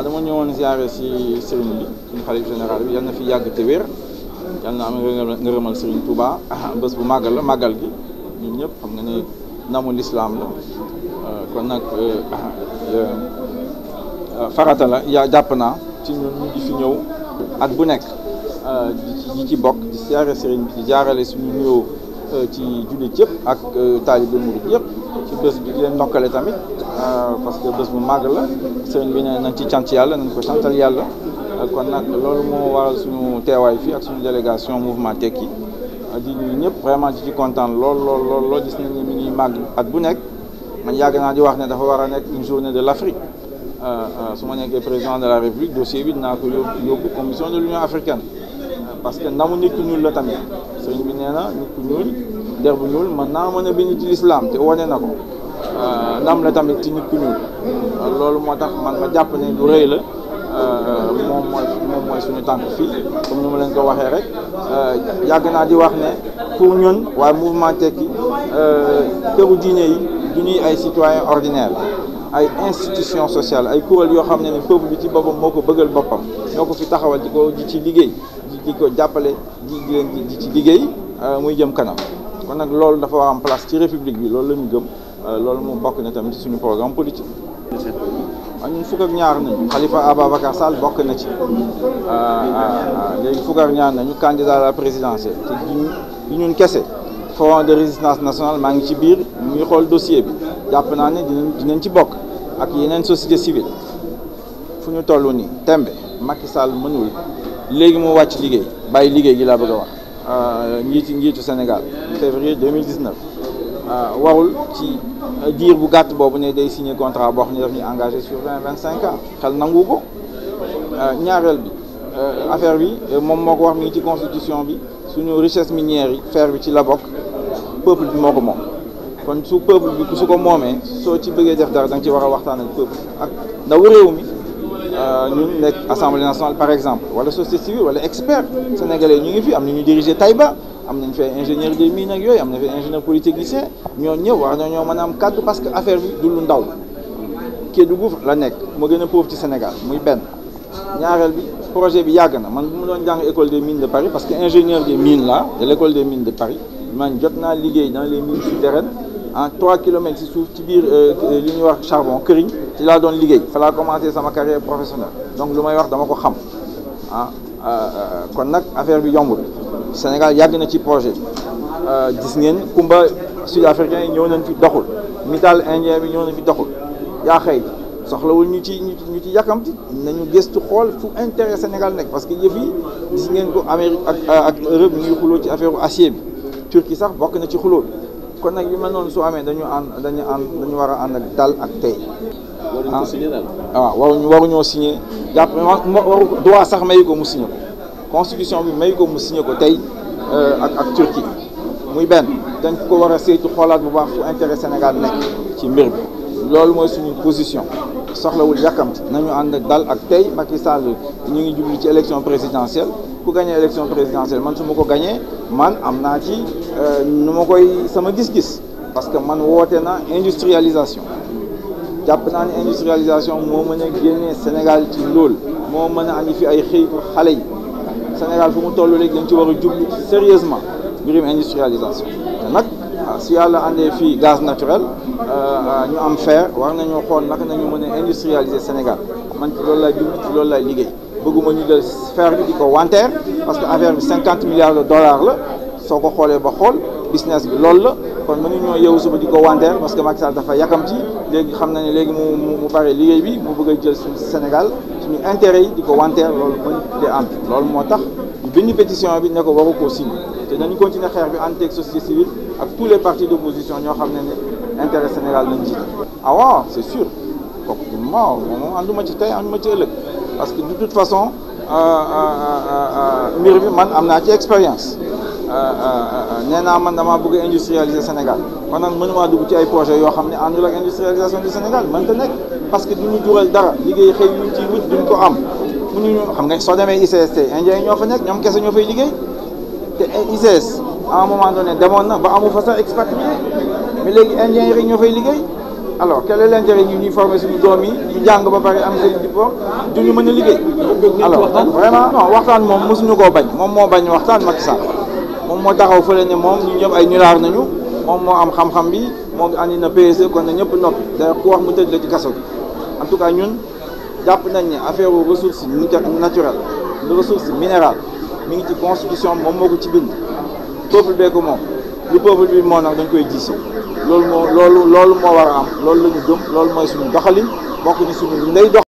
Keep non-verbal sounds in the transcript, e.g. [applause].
waaw dama ñëwoon ziare si sëriñ bi suñu xalif général bi yal na fi yàgg te wér yal na am ngërëmal sëriñ Touba [laughs] bés bu màggal la màggal gi ñun ñëpp xam nga ni namu lislaam la euh, kon nag euh, [coughs] euh, farata la yaa jàpp naa ci ñun ñu fi ñëw ak bu nekk di ci bokk di ziare sëriñ bi di jaarale suñu nuyoo ci jullit yëpp ak taalibe murid yëpp. ci bés bi leen ndokkale tamit euh, parce que bés bu màgg la sëriñ bi ne nañ ci cant yàlla nañ ko cantal yàlla euh, kon nag loolu moo waral suñu teewaay fii ak suñu délégation mouvement tekki euh, di ñëpp vraiment ci kontaan lool lool lool lool gis nañ ni mi ngi màgg at bu nekk man yàgg naa di wax ne dafa war a nekk une journée de l'Afrique su ma nekkee président de la République dossier bi dinaa ko yóbbu commission de l'Union africaine parce que ndamu nit ku ñuul la tamit sëriñ bi nee na nit ku ñuul der ñuul mën naa mën a ñu ci lislaam te wane na ko euh, ndam la tamit ci nit ku ñuul euh, loolu moo tax man ma jàpp ne lu rëy la euh, moom mooy mooy suñu tànk fii comme ni ma leen ko waxee rek yàgg naa di wax ne pour ñun waaye mouvement tekki këru diine yi du ñuy ay citoyen ordinaire ay institution sociale ay kuréel yoo xam ne ne peuple bi ci boppam moo ko bëggal boppam ñoo ko fi taxawal di ko di ci liggéey di ko jàppale di leen ci liggéey euh, muy jëm kanam kon nag loolu dafa war am place ci république bi loolu la ñu gëm euh, lool moom bokk na tamit suñu programme politique. Ah, ñun fukk ak ñaar nañu Khalifa Ababacar bokk na ci euh, léegi fukk ak ñaar nañu candidat à la présidentielle te du ñun kese front de résistance nationale maa ngi ci biir mu xool dossier bi jàpp naa ne dinañ dinañ ci bokk ak yeneen société civile fu ñu toll nii tembe Macky Sall mënul. léegi mu wàcc liggéey bàyyi liggéey gi laa bëgg a wax ah, njiitu njiitu Sénégal février 2019 ah, warul ci euh, diir bu gàtt boobu ne day signé contrat boo xam ne daf ñuy engagé sur vingt vingt cinq ans xel nangu ko ah, ñaareel bi euh, affaire bi euh, moom moo ko wax mi ci constitution bi suñu richesse minière yi fer bi ci la bokk peuple bi moo ko moom kon su peuple bi su ko moomee soo ci bëggee def dara da nga ci war a waxtaan ak peuple ak ndaw réew mi Euh, ñun nekk assemblée nationale par exemple wala société civile wala expert sénégalais ñu ngi fi am na ñu diriger Taïba am nañ fay ingénieur des mines ak yooyu am na fay ingénieur polytechnicien ñoo ñëw war na ñoo mën a am kàddu parce que affaire bi du lu ndaw Kédougou la nekk moo gën a pauvre ci Sénégal muy benn ñaareel bi projet bi yàgg na man bu mu doon jàng école des min de Paris parce que ingénieur des mines là de l' de Paris man jot naa liggéey dans les mines souterraines en 3 kilomètres si suuf ci biir euh, li ñuy wax charbon këriñ ci laa doon liggéey fa laa commencé sama carrière professionnelle donc lu may wax dama ko xam ah euh, kon nag affaire bi yombul Sénégal yàgg na ci projet euh, gis ngeen Kumba sud africain yi ñëw nañ fi doxul mital indien bi ñëw na fi doxul yaa xëy soxlawul ñu ci ñu ci yàkkamti nañu gëstu xool fu intérêt Sénégal nekk parce que yëf yi gis ngeen ko Amérique ak ak Europe ñu ngi ci affaire u acier bi Turquie sax bokk na ci xuloo kon nag yi ma noonu su amee dañu ànd dañu ànd dañu war a ànd ak dal ak tey. waruñoo signé daal ah waruñu waruñoo signé jàpp waru droit sax mayu ko mu signé ko constitution bi mayu ko mu signé ko tey euh, ak ak Turquie muy benn dañ ko war a saytu xoolaat bu baax fu intérêt Sénégal nekk ci mbir bi loolu mooy suñu position. soxlawul yàkkamti nañu ànd dal ak tey Macky Sall ñu ngi jublu ci élection présidentielle ku gagné élection présidentielle man su ma ko gagné man am naa ci. Euh, nu ma koy sama gis-gis parce que man woote na industrialisation jàpp naa ne industrialisation moo mën a génne Sénégal ci lool moo mën a andi fi ay xëy pour xale yi Sénégal fu mu toll léegi dañ ci war a jublu sérieusement mbirum industrialisation te nag ah, su yàlla andee fii gaz naturel euh, ñu am fer war nañoo xool naka nañu mën a Sénégal man ci loolu laay jublu ci loolu laay liggéey bëgguma ñu del fer bi ko wanteer parce que affaire bi cinquante milliards de dollars la soo ko xoolee ba xool business bi loolu la kon ñoo yeewu suba di ko wanteer parce que Macky Sall dafa yakamti léegi xam na ne léegi mu mu pare liggéey bi mu bëgg a jël suñu Sénégal suñu intérêt yi di ko wanteer loolu mën dee am loolu moo tax ñu bind pétition bi ne ko waru koo signé te dañu continuer xeex bi ànd ak société ak tous les partis d' opposition ñoo xam ne ne intérêt Sénégal nañ jiite ah waaw c' est sûr kooku moom moom ànduma ci tey ànduma ci ëllëg parce que de façon euh, euh, euh, mbir bi man am naa ci expérience nee naa man damaa bëgg industrialiser Sénégal kon nag mënumaa dugg ci ay projet yoo xam ne àndul ak industrialisation du Sénégal mën ta nekk parce que du ñu jural dara liggéey xëy yuñ ciy wut duñ ko am mënuñu xam nga soo demee ICST indien yi ñoo fa nekk ñoom kese ñoo fay liggéey te ICS à un moment donné demoon na ba amu fa sax expatrié mais léegi indien yi rek ñoo fay liggéey alors quel est l'intérêt ñu ñuy former suñu doom yi ñu jàng ba pare am seen diplôme duñu mën a liggéey alors vraiment non koo bañ moom moo bañ waxtaan Macky Sall moom moo taxaw fële ne moom ñu ñëpp ay ñulaar nañu moom moo am xam-xam bi moom andi na PSE kon na ñëpp noppi da ku wax mu tëj la ci kaso bi en ñun jàpp nañ ne affaire ressource naturelle le ressource minérale mi ngi ci constitution moom moo ko ci bind peuple bee ko moom li peuple bi moo nag dañ koy diisoo loolu moo loolu loolu moo loolu la ñu gëm loolu mooy suñu doxalin bokk ni suñu dox